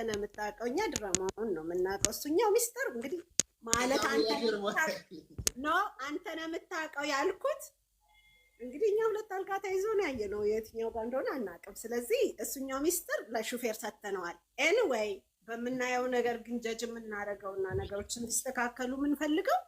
አንተ ነው የምታውቀው። እኛ ድራማውን ነው የምናውቀው። እሱኛው ሚስጥር እንግዲህ ማለት አንተ ነው አንተ ነው የምታውቀው ያልኩት እንግዲህ እኛ ሁለት አልጋ ተይዞ ነው ነው የትኛው ጋር እንደሆነ አናውቅም። ስለዚህ እሱኛው ሚስጥር ለሹፌር ሰተነዋል። ኤኒዌይ በምናየው ነገር ግን ጀጅ የምናደርገው እና ነገሮች እንዲስተካከሉ የምንፈልገው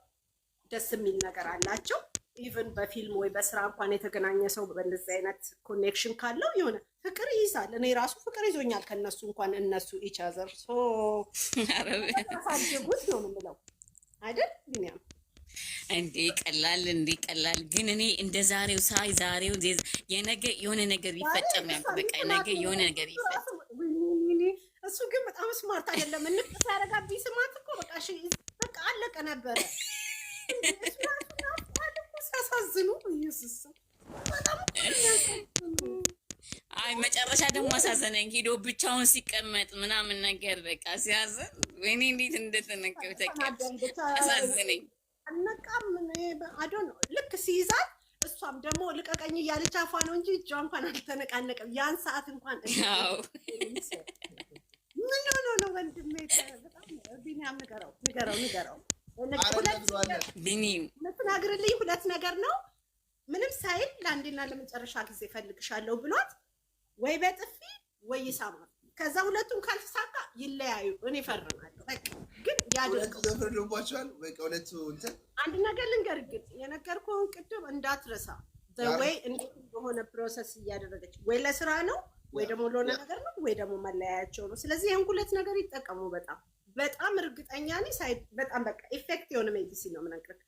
ደስ የሚል ነገር አላቸው ኢቨን በፊልም ወይ በስራ እንኳን የተገናኘ ሰው በእንደዚህ አይነት ኮኔክሽን ካለው የሆነ ፍቅር ይይዛል። እኔ ራሱ ፍቅር ይዞኛል ከነሱ እንኳን እነሱ ኢቻዘር ሳሳድጉት ሆን ምለው አይደል ቢኒያም? እንዴ ቀላል እንዴ ቀላል ግን እኔ እንደ ዛሬው ሳይ ዛሬው የነገ የሆነ ነገር ይፈጠር ያ ያልኩት። በቃ ነገ የሆነ ነገር ይፈጠር። እሱ ግን በጣም ስማርት አይደለም። እንቅ ሳያረጋ ቢስማት እኮ በቃ በቃ አለቀ ነበረ ሲያሳዝኑ ኢየሱስ አይ መጨረሻ ደግሞ አሳዘነኝ። ሄዶ ብቻውን ሲቀመጥ ምናምን ነገር በቃ ሲያዘን ወይኔ እንዴት እንደተነገብ አሳዘነኝ። አነቃም አዶ ነው ልክ ሲይዛል እሷም ደግሞ ልቀቀኝ እያለች አፏ ነው እንጂ እጇ እንኳን አልተነቃነቀም። ያን ሰዓት እንኳን ምን ሆኖ ነው ወንድሜ? በጣም ቢኒያም ንገረው፣ ንገረው፣ ንገረው ቢኒ ተናግርልኝ ሁለት ነገር ነው ምንም ሳይል ለአንዴና ለመጨረሻ ጊዜ ፈልግሻለሁ ብሏት ወይ በጥፊ ወይ ይሳማል። ከዛ ሁለቱም ካልተሳካ ይለያዩ። እኔ ፈርማለሁ። ግን ያደርገውባቸዋል። አንድ ነገር ልንገር፣ ግን የነገርኩህን ቅድም እንዳትረሳ። ወይ እንዴት በሆነ ፕሮሰስ እያደረገች ወይ ለስራ ነው ወይ ደግሞ ለሆነ ነገር ነው ወይ ደግሞ መለያያቸው ነው። ስለዚህ ይህን ሁለት ነገር ይጠቀሙ። በጣም በጣም እርግጠኛ ነኝ። በጣም በቃ ኢፌክት የሆነ ሜዲሲን ነው የምነግርህ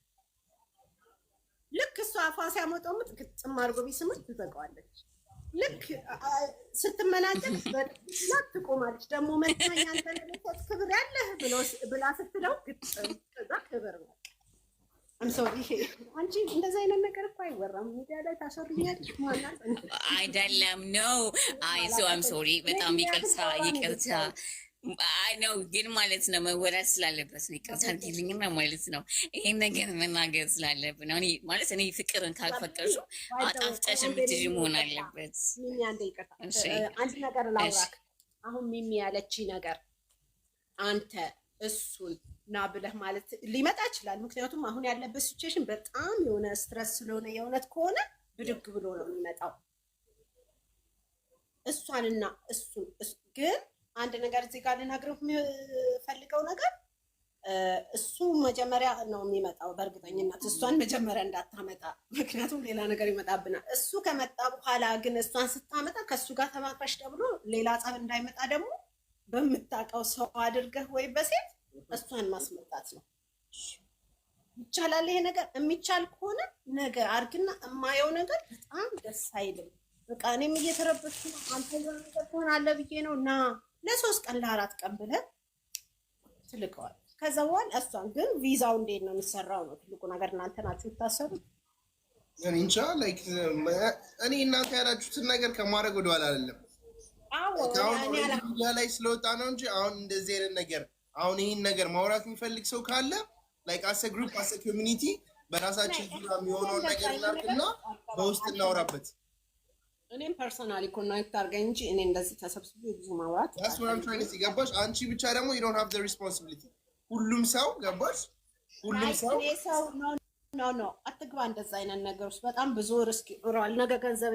ልክ እሷ አፏ ሲያመጣው ምጥቅጥም አድርጎ ቢስሙት ትዘጋዋለች። ልክ ስትመናጨቅ በላት ትቆማለች። ደግሞ መታኛ ንተለሰት ክብር ያለህ ብላ ስትለው ግጥም ከዛ ክብር ነው ሰው አንቺ እንደዚ አይነት ነገር እኮ አይወራም ሚዲያ ላይ ታሰሩኛለሽ። አይደለም ነው አይ ሶ አም ሶሪ በጣም ይቅርታ ይቅርታ ነው ግን ማለት ነው መወዳት ስላለበት ነው። ይቅርታ አድርጊልኝና ማለት ነው ይህን ነገር መናገር ስላለብ ነው ማለት እኔ ፍቅርን ካልፈቀሹ አጣፍጠሽ ምትጅ መሆን አለበት። አንድ ነገር ላውራክ። አሁን ሚሚ ያለች ነገር አንተ እሱን ና ብለህ ማለት ሊመጣ ይችላል። ምክንያቱም አሁን ያለበት ሲቹዌሽን በጣም የሆነ ስትረስ ስለሆነ የእውነት ከሆነ ብድግ ብሎ ነው የሚመጣው እሷንና እሱን ግን አንድ ነገር እዚህ ጋር ልነግርህ የምፈልገው ነገር እሱ መጀመሪያ ነው የሚመጣው በእርግጠኝነት እሷን መጀመሪያ እንዳታመጣ፣ ምክንያቱም ሌላ ነገር ይመጣብናል። እሱ ከመጣ በኋላ ግን እሷን ስታመጣ ከእሱ ጋር ተባክረሽ ተብሎ ሌላ ጸብ እንዳይመጣ ደግሞ በምታውቀው ሰው አድርገህ ወይ በሴት እሷን ማስመጣት ነው። ይቻላል ይሄ ነገር የሚቻል ከሆነ ነገር አድርግና የማየው ነገር በጣም ደስ አይልም። በቃ እኔም እየተረበሽ ነው አንተ ነገር ትሆናለህ ብዬ ነው ና ለሶስት ቀን ለአራት ቀን ብለህ ትልቀዋል። ከዛ በኋላ እሷን ግን ቪዛው እንዴት ነው የሚሰራው ነው ትልቁ ነገር። እናንተ ናችሁ የምታሰሩት። እንቻ ላይክ እኔ እናንተ ያላችሁትን ነገር ከማድረግ ወደኋላ አይደለም። ሚዲያ ላይ ስለወጣ ነው እንጂ አሁን እንደዚህ አይነት ነገር አሁን ይህን ነገር ማውራት የሚፈልግ ሰው ካለ ላይክ አሰ ግሩፕ አሰ ኮሚኒቲ በራሳችን የሚሆነውን ነገር እናርግና በውስጥ እናውራበት። እኔም ፐርሰናል ኮናክት አድርገኝ እንጂ እኔ እንደዚህ ተሰብስቦ ብዙ ማውራት ገባሽ? አንቺ ብቻ ደግሞ ዩ ዶንት ሃቭ ዘ ሪስፖንሲቢሊቲ። ሁሉም ሰው ገባሽ? ሁሉም ሰው ኖ ኖ አትግባ እንደዛ አይነት ነገር ውስጥ በጣም ብዙ ርስክ ይኖረዋል። ነገ ገንዘብ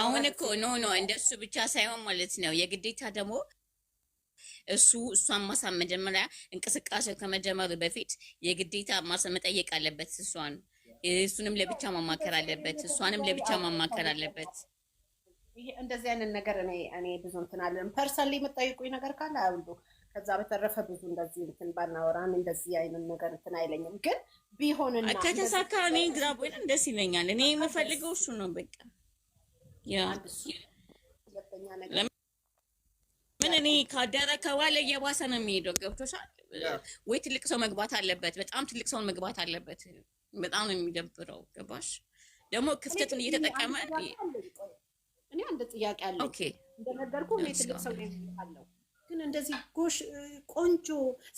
አሁን እኮ ኖ ኖ እንደሱ ብቻ ሳይሆን ማለት ነው የግዴታ ደግሞ እሱ እሷን ማሳመጀመሪያ እንቅስቃሴው ከመጀመሩ በፊት የግዴታ ማሰመጠየቅ አለበት እሷን እሱንም ለብቻ ማማከር አለበት፣ እሷንም ለብቻ ማማከር አለበት። ይሄ እንደዚህ አይነት ነገር እኔ እኔ ብዙ እንትን አለን ፐርሰን የምጠይቁኝ ነገር ካለ አሉ። ከዛ በተረፈ ብዙ እንደዚህ እንትን ባናወራን እንደዚህ አይነት ነገር እንትን አይለኝም፣ ግን ቢሆንና ከተሳካ እኔ ግራ ቦይለን ደስ ይለኛል። እኔ የምፈልገው እሱ ነው። በቃ ያ ምን እኔ ካደረ ከዋለ እየባሰ ነው የሚሄደው። ገብቶሻል ወይ? ትልቅ ሰው መግባት አለበት። በጣም ትልቅ ሰውን መግባት አለበት። በጣም ነው የሚደብረው። ገባሽ ደግሞ ክፍተቱን እየተጠቀመ እኔ አንድ ጥያቄ አለ። እንደነገርኩ እኔ ትልቅ ሰው አለው፣ ግን እንደዚህ ጎሽ ቆንጆ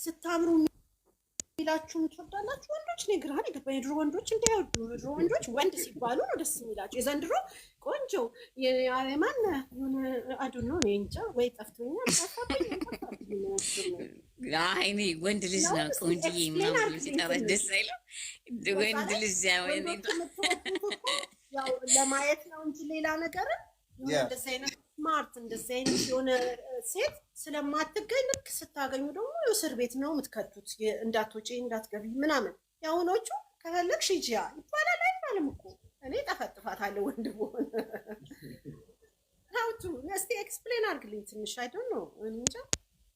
ስታምሩ የሚላችሁም ትወዳላችሁ ወንዶች። እኔ ግራ የገባኝ የድሮ ወንዶች እንዳይወዱ የድሮ ወንዶች ወንድ ሲባሉ ነው ደስ የሚላቸው። የዘንድሮ ቆንጆ የማን ሆነ አዱ ነው እኔ እንጃ፣ ወይ ጠፍቶኛል። አይኔ ወንድ ልጅ ነው እኮ እንጂ ማሙ ሲጠራሽ ደስ አይልም። ወንድ ልጅ ለማየት ነው እንጂ ሌላ ነገር እንደዚህ አይነት ስማርት እንደዚህ አይነት የሆነ ሴት ስለማትገኝ ልክ ስታገኙ ደግሞ እስር ቤት ነው የምትከቱት፣ እንዳትወጪ እንዳትገቢ ምናምን። የአሁኖቹ ከፈለግሽ ሂጂ ይባላል አይባልም እኮ እኔ ጠፈጥፋታለሁ ወንድ በሆነ ሀውቱ። እስኪ ኤክስፕሌን አድርግልኝ ትንሽ አይደል ነው እንጃ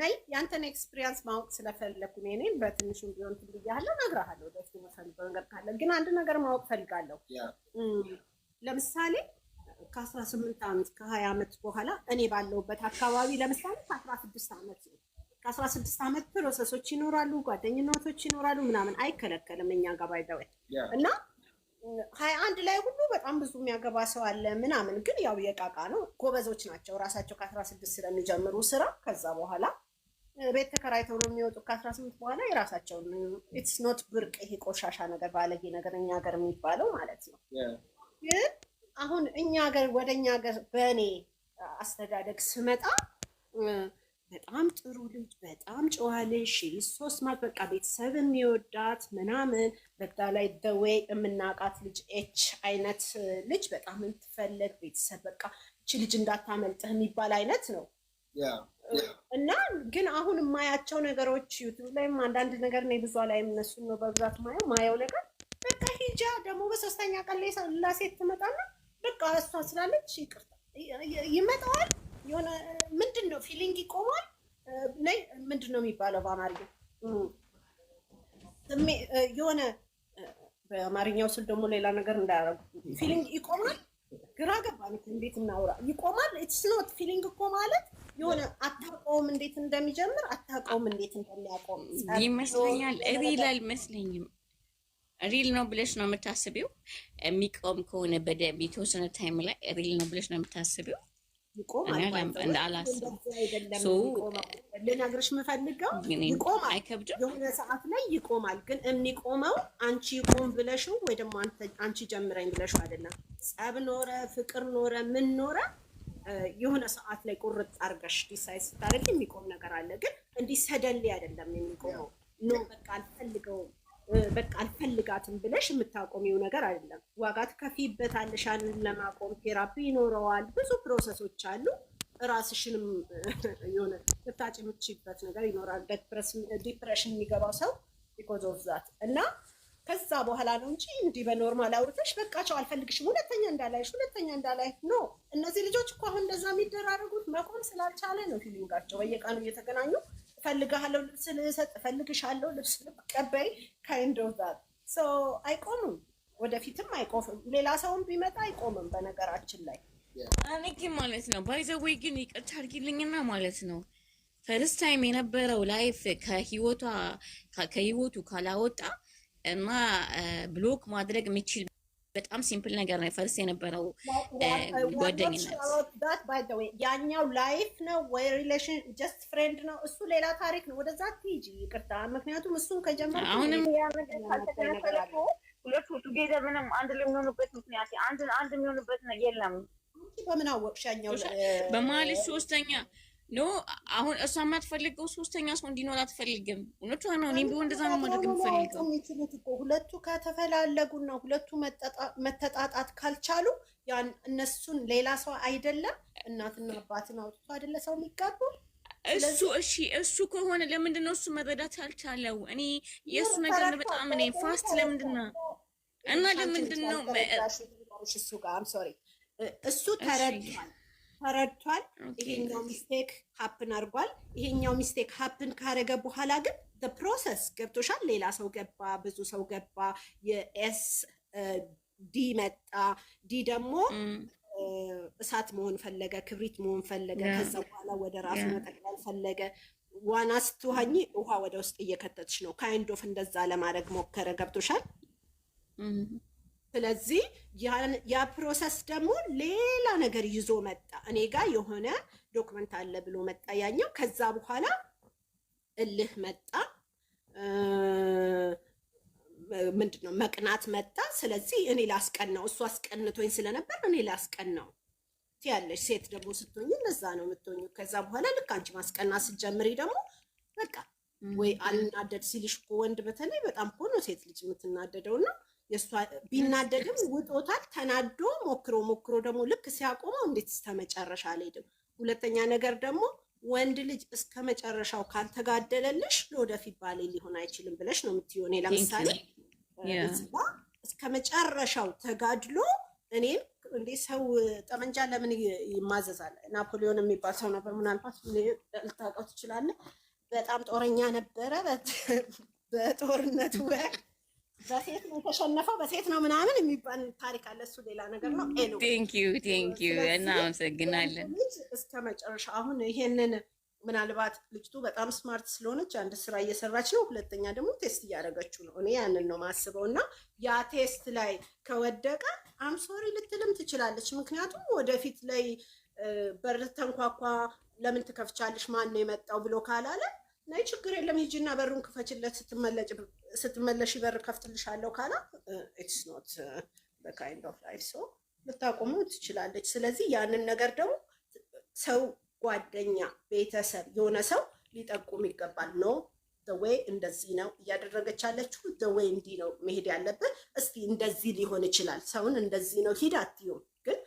ናይ ያንተን ኤክስፒሪየንስ ማወቅ ስለፈለግኩ ነው። እኔም በትንሹም ቢሆን ትል ብያለሁ፣ እነግርሃለሁ የምፈልገው ነገር ካለ። ግን አንድ ነገር ማወቅ ፈልጋለሁ። ለምሳሌ ከአስራ ስምንት ዓመት ከሀያ ዓመት በኋላ እኔ ባለውበት አካባቢ ለምሳሌ ከአስራ ስድስት ዓመት ነው ከአስራ ስድስት ዓመት ፕሮሰሶች ይኖራሉ፣ ጓደኝነቶች ይኖራሉ ምናምን አይከለከልም እኛ ጋር ባይዘወይ እና ሀያ አንድ ላይ ሁሉ በጣም ብዙ የሚያገባ ሰው አለ ምናምን፣ ግን ያው የቃቃ ነው። ጎበዞች ናቸው ራሳቸው ከአስራ ስድስት ስለሚጀምሩ ስራ ከዛ በኋላ ቤት ተከራይተው ነው የሚወጡ ከአስራ ስምንት በኋላ የራሳቸውን ኢትስ ኖት ብርቅ ይሄ ቆሻሻ ነገር ባለጌ ነገር እኛ ሀገር የሚባለው ማለት ነው። ግን አሁን እኛ ሀገር ወደ እኛ ሀገር በእኔ አስተዳደግ ስመጣ በጣም ጥሩ ልጅ፣ በጣም ጨዋ ልጅ ሶስት ማት በቃ ቤተሰብ የሚወዳት ምናምን በዛ ላይ በወይ የምናውቃት ልጅ ኤች አይነት ልጅ በጣም የምትፈለግ ቤተሰብ በቃ እቺ ልጅ እንዳታመልጥህ የሚባል አይነት ነው። እና ግን አሁን የማያቸው ነገሮች ዩቱብ ላይም አንዳንድ ነገር ነው ብዙ ላይ የምነሱ ነው በብዛት ማየው ማየው ነገር በቃ ሂጃ ደግሞ በሶስተኛ ቀን ላይ ላሴት ትመጣና በቃ እሷ ስላለች ይቅርታ ይመጣዋል የሆነ ምንድን ነው ፊሊንግ ይቆማል። ላይ ምንድን ነው የሚባለው በአማርኛ የሆነ በአማርኛው ስል ደግሞ ሌላ ነገር እንዳያረጉ ፊሊንግ ይቆማል። ግራ ገባን። እንዴት እናውራ? ይቆማል። ኢትስ ኖት ፊሊንግ እኮ ማለት የሆነ አታውቀውም፣ እንዴት እንደሚጀምር አታውቀውም፣ እንዴት እንደሚያቆም ይመስለኛል። ሪል አልመስለኝም። ሪል ነው ብለሽ ነው የምታስቢው? የሚቆም ከሆነ በደንብ የተወሰነ ታይም ላይ ሪል ነው ብለሽ ነው የምታስቢው? ልነግርሽ የምፈልገው ይቆማል፣ የሆነ ሰዓት ላይ ይቆማል። ግን የሚቆመው አንቺ ይቆም ብለሽው ወይ ደግሞ አንቺ ጀምረኝ ብለሽው አይደለም። ጸብ ኖረ፣ ፍቅር ኖረ፣ ምን ኖረ የሆነ ሰዓት ላይ ቁርጥ አድርገሽ ዲሳይ ስታደርግ የሚቆም ነገር አለ። ግን እንዲህ ሰደሌ አይደለም የሚቆመው። ኖ በቃ አልፈልገውም በቃ አልፈልጋትም ብለሽ የምታቆሚው ነገር አይደለም። ዋጋ ትከፊበታለሽ። ያንን ለማቆም ቴራፒ ይኖረዋል። ብዙ ፕሮሰሶች አሉ። ራስሽንም የሆነ ልታጭ የምትችይበት ነገር ይኖራል። ዲፕሬሽን የሚገባው ሰው ቢኮዝ ኦፍ ዛት እና ከዛ በኋላ ነው እንጂ እንዲህ በኖርማል አውርተሽ በቃቸው አልፈልግሽም፣ ሁለተኛ እንዳላይሽ፣ ሁለተኛ እንዳላይ ኖ። እነዚህ ልጆች እኮ አሁን እንደዛ የሚደራረጉት መቆም ስላልቻለ ነው ፊሊንጋቸው በየቀኑ እየተገናኙ ፈልግሃለው ልብስ ልሰጥ ፈልግሻለው ልብስ ልቀበይ ካይንዶዛ አይቆምም፣ ወደፊትም አይቆፍም ሌላ ሰውም ቢመጣ አይቆምም። በነገራችን ላይ እኔ ግን ማለት ነው ባይዘወይ ግን ይቅርታ አድርጊልኝና ማለት ነው ፈርስት ታይም የነበረው ላይፍ ከህይወቱ ካላወጣ እና ብሎክ eh, ማድረግ የሚችል በጣም ሲምፕል ነገር ነው። ፈርስ የነበረው uh, ጓደኝነት ያኛው ላይፍ ነው ወይ ሪሌሽን ጀስት ፍሬንድ ነው እሱ ሌላ ታሪክ ነው። ወደዛ ትሄጂ ይቅርታ። ምክንያቱም እሱን ከጀመረ አሁንም ሁለቱ ቱጌዘር ምንም አንድ ላይ የሚሆኑበት ምክንያት አንድ አንድ የሚሆኑበት የለም። በምን አወቅሽ? ያኛው በመሀል ሶስተኛ ኖ አሁን እሷ የማትፈልገው ሶስተኛ ሰው እንዲኖር አትፈልግም። እውነቱ ነው። እኔም ቢሆን እንደዛ ነው ማድረግ የምፈልገው። ሁለቱ ከተፈላለጉ ከተፈላለጉና ሁለቱ መተጣጣት ካልቻሉ ያን እነሱን ሌላ ሰው አይደለም እናትና አባትን አውጥቶ አይደለ ሰው የሚጋቡ እሱ እሺ፣ እሱ ከሆነ ለምንድን ነው እሱ መረዳት ያልቻለው? እኔ የእሱ ነገር ነው በጣም እኔ ፋስት ለምንድን ነው እና ለምንድን ነው እሱ ተረድቷል ተረድቷል። ይሄኛው ሚስቴክ ሀፕን አድርጓል። ይሄኛው ሚስቴክ ሀፕን ካረገ በኋላ ግን ፕሮሰስ ገብቶሻል። ሌላ ሰው ገባ፣ ብዙ ሰው ገባ፣ የኤስ ዲ መጣ። ዲ ደግሞ እሳት መሆን ፈለገ፣ ክብሪት መሆን ፈለገ። ከዛ በኋላ ወደ ራሱ መጠቅለል ፈለገ። ዋና ስትዋኝ ውሃ ወደ ውስጥ እየከተትሽ ነው። ካይንድ ኦፍ እንደዛ ለማድረግ ሞከረ። ገብቶሻል። ስለዚህ ያ ፕሮሰስ ደግሞ ሌላ ነገር ይዞ መጣ። እኔ ጋር የሆነ ዶክመንት አለ ብሎ መጣ ያኛው። ከዛ በኋላ እልህ መጣ፣ ምንድን ነው መቅናት መጣ። ስለዚህ እኔ ላስቀናው፣ እሱ አስቀንቶኝ ስለነበር እኔ ላስቀናው ያለች ሴት ደግሞ ስትሆኝ ለዛ ነው የምትሆኙ። ከዛ በኋላ ልክ አንቺ ማስቀና ስትጀምሪ ደግሞ በቃ ወይ አልናደድ ሲልሽ እኮ ወንድ በተለይ በጣም እኮ ነው ሴት ልጅ የምትናደደውና የእሷ ቢናደድም ውጦታል። ተናዶ ሞክሮ ሞክሮ ደግሞ ልክ ሲያቆመው እንዴት እስከመጨረሻ አልሄድም። ሁለተኛ ነገር ደግሞ ወንድ ልጅ እስከ መጨረሻው ካልተጋደለልሽ ለወደፊት ባሌ ሊሆን አይችልም ብለሽ ነው የምትሆኔ። ለምሳሌ እስከ መጨረሻው ተጋድሎ እኔም እንዴ ሰው ጠመንጃ ለምን ይማዘዛል? ናፖሊዮን የሚባል ሰው ነበር። ምናልባት ልታውቀው ትችላለህ። በጣም ጦረኛ ነበረ። በጦርነቱ በሴት ነው የተሸነፈው፣ በሴት ነው ምናምን የሚባል ታሪክ አለ። እሱ ሌላ ነገር ነው። ቴንክዩ ቴንክዩ፣ እናመሰግናለን እስከ መጨረሻ። አሁን ይሄንን ምናልባት ልጅቱ በጣም ስማርት ስለሆነች አንድ ስራ እየሰራች ነው፣ ሁለተኛ ደግሞ ቴስት እያደረገችው ነው። እኔ ያንን ነው ማስበው እና ያ ቴስት ላይ ከወደቀ አምሶሪ ልትልም ትችላለች። ምክንያቱም ወደፊት ላይ በር ተንኳኳ፣ ለምን ትከፍቻለሽ፣ ማን ነው የመጣው ብሎ ካላለ ናይ ችግር የለም ሂጂና በሩን ክፈችለት፣ ስትመለሽ በር ከፍትልሻለሁ ካላ ኢትስ ኖት በካይንድ ኦፍ ላይፍ ሶ ልታቆሙ ትችላለች። ስለዚህ ያንን ነገር ደግሞ ሰው፣ ጓደኛ፣ ቤተሰብ የሆነ ሰው ሊጠቁም ይገባል። ኖ ዘዌይ እንደዚህ ነው እያደረገች ያለችው፣ ዘወይ እንዲህ ነው መሄድ ያለብን። እስቲ እንደዚህ ሊሆን ይችላል። ሰውን እንደዚህ ነው ሂድ አትዩም፣ ግን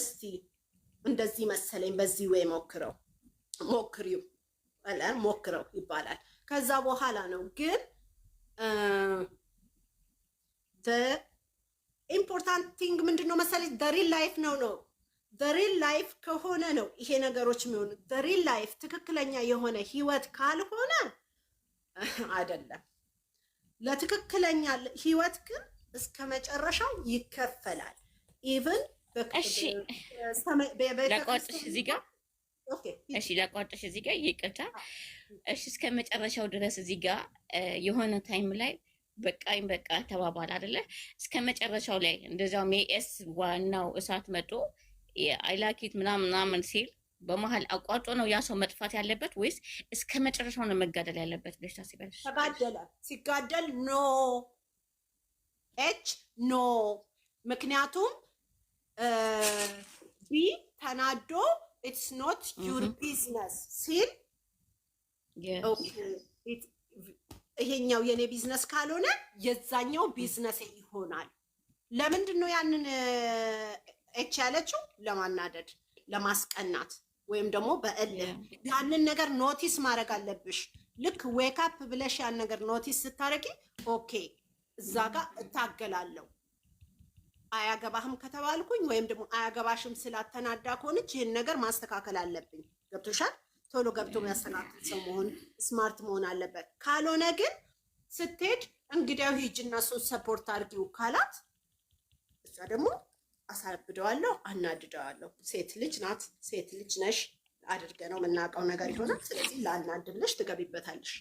እስቲ እንደዚህ መሰለኝ፣ በዚህ ወይ ሞክረው ሞክሪው ቀለም ሞክረው ይባላል። ከዛ በኋላ ነው ግን ኢምፖርታንት ቲንግ ምንድን ነው መሰለኝ ደሪል ላይፍ ነው ነው ደሪል ላይፍ ከሆነ ነው ይሄ ነገሮች የሚሆኑ ደሪል ላይፍ ትክክለኛ የሆነ ህይወት ካልሆነ አይደለም። ለትክክለኛ ህይወት ግን እስከ መጨረሻው ይከፈላል። ኢቨን በቤተክርስቲያን እዚህ ጋር እሺ ላቋርጥሽ እዚህ ጋር ይቅርታ። እሺ እስከ መጨረሻው ድረስ እዚህ ጋር የሆነ ታይም ላይ በቃኝ በቃ ተባባል አይደለ? እስከ መጨረሻው ላይ እንደዚያውም የኤስ ዋናው እሳት መጦ አይላኪት ምናምን ምናምን ሲል በመሀል አቋርጦ ነው ያ ሰው መጥፋት ያለበት ወይስ እስከ መጨረሻው ነው መጋደል ያለበት ብለሽ ሲበል ተጋደለ ሲጋደል ኖ ኤች ኖ ምክንያቱም ቢ ተናዶ ኢትስ ኖት ዩር ቢዝነስ ሲል ይሄኛው የኔ ቢዝነስ ካልሆነ የዛኛው mm. ቢዝነስ ይሆናል። ለምንድን ነው ያንን ኤች ያለችው? ለማናደድ ለማስቀናት፣ ወይም ደግሞ በእልህ ያንን ነገር ኖቲስ ማድረግ አለብሽ። ልክ ዌክ አፕ ብለሽ ያን ነገር ኖቲስ ስታደርጊ ኦኬ፣ እዛ ጋር እታገላለሁ አያገባህም ከተባልኩኝ ወይም ደግሞ አያገባሽም ስላተናዳ ከሆነች ይህን ነገር ማስተካከል አለብኝ። ገብቶሻል? ቶሎ ገብቶ የሚያስተካክል ሰው መሆን ስማርት መሆን አለበት። ካልሆነ ግን ስትሄድ እንግዲያው ሂጅ እና እሱን ሰፖርት አድርጊው ካላት እሷ ደግሞ አሳብደዋለሁ፣ አናድደዋለሁ። ሴት ልጅ ናት፣ ሴት ልጅ ነሽ። አድርገ ነው የምናውቀው ነገር ይሆናል። ስለዚህ ላናድ ብለሽ ትገቢበታለሽ።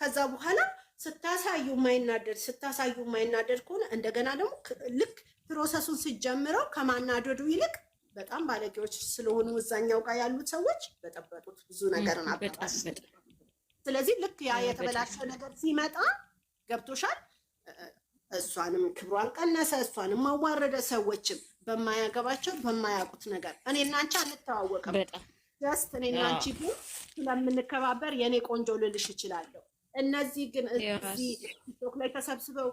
ከዛ በኋላ ስታሳዩ የማይናደድ ስታሳዩ የማይናደድ ከሆነ እንደገና ደግሞ ልክ ፕሮሰሱን ስጀምረው ከማናደዱ ይልቅ በጣም ባለጌዎች ስለሆኑ እዛኛው ጋር ያሉት ሰዎች በጠበጡት ብዙ ነገር ናበጣ። ስለዚህ ልክ ያ የተበላሸ ነገር ሲመጣ ገብቶሻል። እሷንም ክብሯን ቀነሰ፣ እሷንም አዋረደ። ሰዎችም በማያገባቸው በማያውቁት ነገር እኔ እናንቺ አንተዋወቅም። ጀስት እኔ እናንቺ ግን ስለምንከባበር የእኔ ቆንጆ ልልሽ ይችላለሁ። እነዚህ ግን እዚህ ቲክቶክ ላይ ተሰብስበው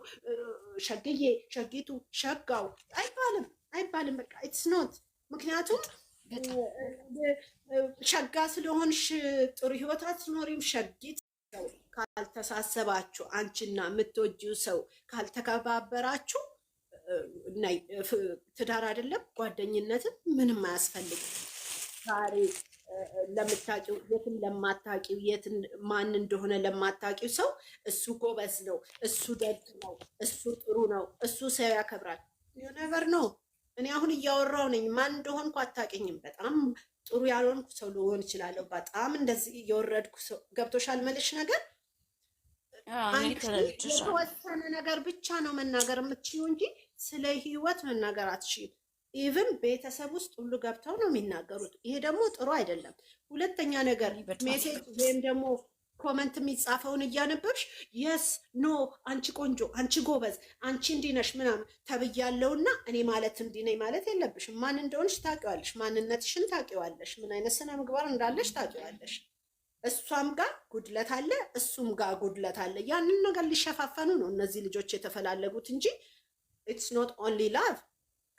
ሸግዬ ሸጊቱ ሸጋው አይባልም አይባልም። በቃ ኢትስ ኖት ምክንያቱም ሸጋ ስለሆንሽ ጥሩ ህይወት አትኖሪም። ሸጊት ካልተሳሰባችሁ፣ አንቺና የምትወጂው ሰው ካልተከባበራችሁ ትዳር አይደለም ጓደኝነትም ምንም አያስፈልግም ዛሬ ለምታቂው የትም ለማታቂው የትን ማን እንደሆነ ለማታቂው ሰው እሱ ጎበዝ ነው፣ እሱ ደግ ነው፣ እሱ ጥሩ ነው፣ እሱ ሰው ያከብራል። ዩነቨር ነው። እኔ አሁን እያወራው ነኝ፣ ማን እንደሆንኩ አታቂኝም። በጣም ጥሩ ያልሆንኩ ሰው ልሆን እችላለሁ። በጣም እንደዚህ እየወረድኩ ሰው ገብቶሻል? መልሽ ነገር የተወሰነ ነገር ብቻ ነው መናገር የምትችይው እንጂ ስለ ህይወት መናገር አትችይም። ኢቭን ቤተሰብ ውስጥ ሁሉ ገብተው ነው የሚናገሩት። ይሄ ደግሞ ጥሩ አይደለም። ሁለተኛ ነገር ሜሴጅ ወይም ደግሞ ኮመንት የሚጻፈውን እያነበብሽ የስ ኖ፣ አንቺ ቆንጆ፣ አንቺ ጎበዝ፣ አንቺ እንዲነሽ ምናምን ተብያለውና እኔ ማለት እንዲነኝ ማለት የለብሽም። ማን እንደሆንሽ ታውቂዋለሽ፣ ማንነትሽን ታውቂዋለሽ፣ ምን አይነት ስነ ምግባር እንዳለሽ ታውቂዋለሽ። እሷም ጋር ጉድለት አለ፣ እሱም ጋር ጉድለት አለ። ያንን ነገር ሊሸፋፈኑ ነው እነዚህ ልጆች የተፈላለጉት እንጂ ኢትስ ኖት ኦንሊ ላቭ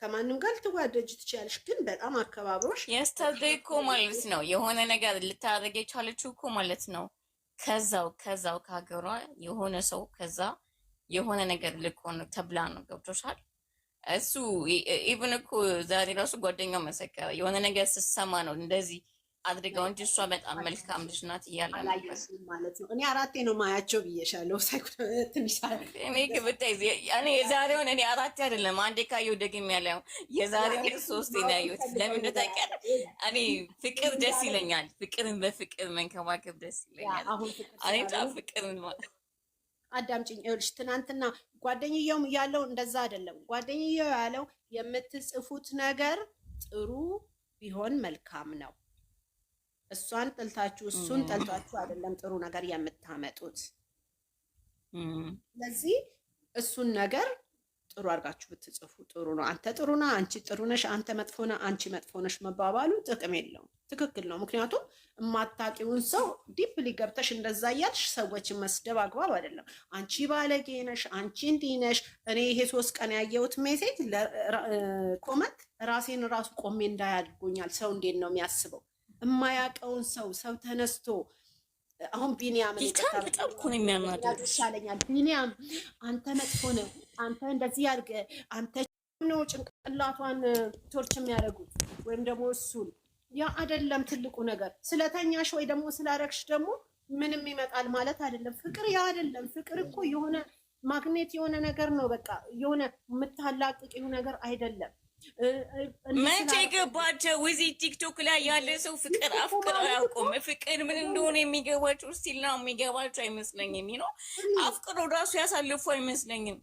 ከማንም ጋር ልትዋደጅ ትችያለሽ፣ ግን በጣም አከባብሮሽ የስተርዴ እኮ ማለት ነው የሆነ ነገር ልታደርግ የቻለችው እኮ ማለት ነው ከዛው ከዛው ከሀገሯ የሆነ ሰው ከዛ የሆነ ነገር ልኮ ነው ተብላ ነው ገብቶሻል። እሱ ኢቭን እኮ ዛሬ ራሱ ጓደኛው መሰከረ የሆነ ነገር ስሰማ ነው እንደዚህ አድርገው እንጂ እሷ በጣም መልካም ልጅ ናት እያለ ማለት ነው። እኔ አራቴ ነው ማያቸው ብዬሻለሁ። እኔ ግብታ እኔ የዛሬውን እኔ አራቴ አይደለም አንዴ ካየሁ ደግሜ ያለው የዛሬውን ሶስት ናዩት ለምን ታውቂያለሽ? እኔ ፍቅር ደስ ይለኛል። ፍቅርን በፍቅር መንከባከብ ደስ ይለኛል። እኔ ጫ ፍቅርን አዳምጪኝ ይኸውልሽ፣ ትናንትና ጓደኝየውም ያለው እንደዛ አይደለም። ጓደኝየው ያለው የምትጽፉት ነገር ጥሩ ቢሆን መልካም ነው እሷን ጠልታችሁ እሱን ጠልቷችሁ አይደለም ጥሩ ነገር የምታመጡት። ስለዚህ እሱን ነገር ጥሩ አድርጋችሁ ብትጽፉ ጥሩ ነው። አንተ ጥሩ ነህ፣ አንቺ ጥሩ ነሽ፣ አንተ መጥፎ ነህ፣ አንቺ መጥፎ ነሽ መባባሉ ጥቅም የለውም። ትክክል ነው። ምክንያቱም የማታውቂውን ሰው ዲፕ ሊገብተሽ እንደዛ እያልሽ ሰዎችን መስደብ አግባብ አይደለም። አንቺ ባለጌ ነሽ፣ አንቺ እንዲህ ነሽ። እኔ ይሄ ሶስት ቀን ያየሁት ሜሴጅ ኮመንት ራሴን ራሱ ቆሜ እንዳያድርጎኛል። ሰው እንዴት ነው የሚያስበው? የማያውቀውን ሰው ሰው ተነስቶ አሁን ቢኒያም ይቻል በጣም እኮ ነው የሚያናደው። ይሻለኛል ቢኒያም፣ አንተ መጥፎ ነው፣ አንተ እንደዚህ ያድርግ፣ አንተ ነው ጭንቅላቷን ቶርች የሚያደርጉት ወይም ደግሞ እሱን ያ አይደለም ትልቁ ነገር። ስለተኛሽ ወይ ደግሞ ስላረግሽ ደግሞ ምንም ይመጣል ማለት አይደለም። ፍቅር ያ አይደለም። ፍቅር እኮ የሆነ ማግኔት የሆነ ነገር ነው። በቃ የሆነ የምታላቅቂው ነገር አይደለም። መቼ ገባቸው? እዚህ ቲክቶክ ላይ ያለ ሰው ፍቅር አፍቅር አያውቁም። ፍቅር ምን እንደሆነ የሚገባቸው ስቲልና የሚገባቸው አይመስለኝም። ነው አፍቅሮ ራሱ ያሳልፉ አይመስለኝም።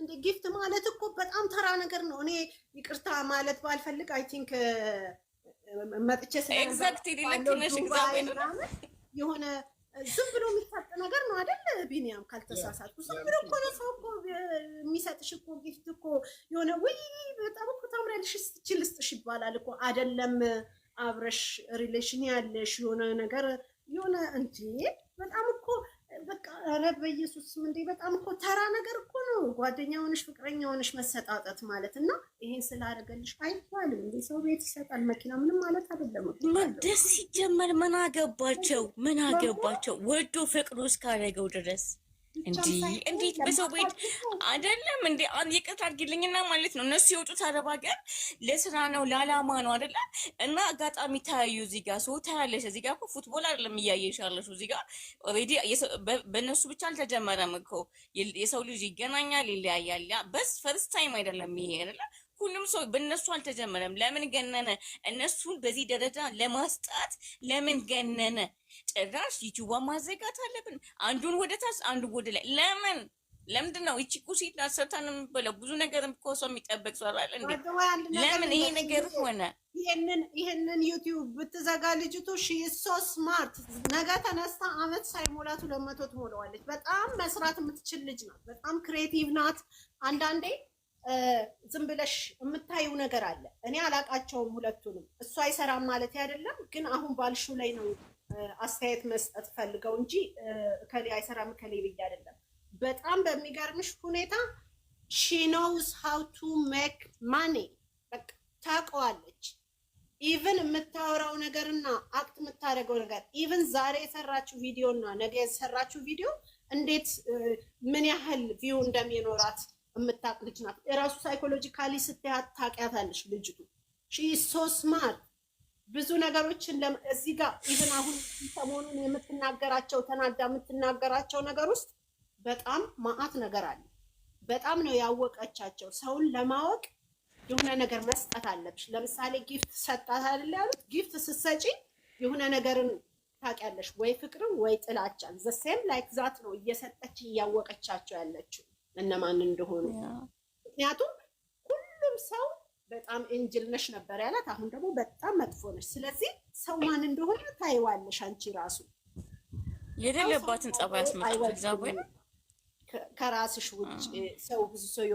እንደ ጊፍት ማለት እኮ በጣም ተራ ነገር ነው። እኔ ይቅርታ ማለት ባልፈልግ አይ ቲንክ uh, መጥቼ ስለ ኤግዛክትሊ ልክ ነሽ። እግዚአብሔር የሆነ ዝም ብሎ የሚታጥ ነገር ነው አይደል? ቢኒያም ካልተሳሳትኩ ዝም ብሎ እኮ ነው ሰው እኮ የሚሰጥሽ እኮ ጊፍት እኮ የሆነ ውይ በጣም እኮ ታምሪያለሽ እስኪ ልስጥሽ ይባላል እኮ አይደለም። አብረሽ ሪሌሽን ያለሽ የሆነ ነገር የሆነ እንጂ በጣም እኮ በቃ ኧረ በኢየሱስ ስም እንዴ! በጣም እኮ ተራ ነገር እኮ ነው። ጓደኛ ሆነሽ ፍቅረኛ ሆነሽ መሰጣጠት ማለት እና ይሄን ስላደረገልሽ አይባልም እንዴ! ሰው ቤት ይሰጣል መኪና ምንም ማለት አይደለም። ደስ ሲጀመር ምን አገባቸው? ምን አገባቸው? ወዶ ፍቅሩ እስካደረገው ድረስ እንዴት በሰው ቤት አይደለም እንዴ? ይቅርታ አድርጊልኝና ማለት ነው እነሱ የወጡት አረብ ሀገር ለስራ ነው ለአላማ ነው አደለ? እና አጋጣሚ ታያዩ እዚህ ጋር ሰው ተያለሽ። እዚህ ጋር ፉትቦል አይደለም እያየሽ ያለሽው። እዚህ ጋር በእነሱ ብቻ አልተጀመረም እኮ የሰው ልጅ ይገናኛል፣ ይለያያል። በስ ፈርስት ታይም አይደለም ይሄ አደለ? ሁሉም ሰው በእነሱ አልተጀመረም። ለምን ገነነ? እነሱን በዚህ ደረጃ ለማስጣት ለምን ገነነ? ጭራሽ ዩቲዩብ ማዘጋት አለብን። አንዱን ወደ ታች፣ አንዱ ወደ ላይ። ለምን ለምንድን ነው ይቺ ቁሲት ናሰታን የምበለው? ብዙ ነገር እኮ ሰው የሚጠበቅ ሰራል እንዴ? ለምን ይሄ ነገር ሆነ? ይሄንን ይሄንን ዩቲዩብ ብትዘጋ ልጅቱ ሶ ስማርት ነገ ተነስታ አመት ሳይሞላት ሁለት መቶ ትሞላዋለች። በጣም መስራት የምትችል ልጅ ናት። በጣም ክሬቲቭ ናት። አንዳንዴ ዝም ብለሽ የምታየው ነገር አለ። እኔ አላቃቸውም ሁለቱንም። እሷ አይሰራም ማለት አይደለም፣ ግን አሁን ባልሹ ላይ ነው አስተያየት መስጠት ፈልገው እንጂ እከሌ አይሰራም እከሌ ብዬ አይደለም። በጣም በሚገርምሽ ሁኔታ ሺ ኖውስ ሃው ቱ ሜክ ማኒ በቃ ታውቀዋለች። ኢቭን የምታወራው ነገርና አክት የምታደርገው ነገር ኢቨን ዛሬ የሰራችው ቪዲዮ እና ነገ የሰራችው ቪዲዮ እንዴት ምን ያህል ቪው እንደሚኖራት የምታውቅ ልጅ ናት። እራሱ ሳይኮሎጂካሊ ስትያት ታውቂያታለሽ ልጅቱ ሺ ሶ ስማርት ብዙ ነገሮችን እዚህ ጋር ይህን አሁን ሰሞኑን የምትናገራቸው ተናዳ የምትናገራቸው ነገር ውስጥ በጣም ማአት ነገር አለ። በጣም ነው ያወቀቻቸው። ሰውን ለማወቅ የሆነ ነገር መስጠት አለብሽ። ለምሳሌ ጊፍት ሰጣት አይደለ ያሉት። ጊፍት ስትሰጪ የሆነ ነገርን ታውቂያለሽ ወይ ፍቅርን ወይ ጥላቻን። ዘሴም ላይክ ዛት ነው እየሰጠች እያወቀቻቸው ያለችው እነማን እንደሆኑ ምክንያቱም ሁሉም ሰው በጣም እንጅል ነሽ ነበር ያላት። አሁን ደግሞ በጣም መጥፎ ነሽ። ስለዚህ ሰው ማን እንደሆነ ታይዋለሽ አንቺ ራሱ። የሌለባትን ጸባይ አስመጣ ከራስሽ ውጭ ሰው ብዙ ሰው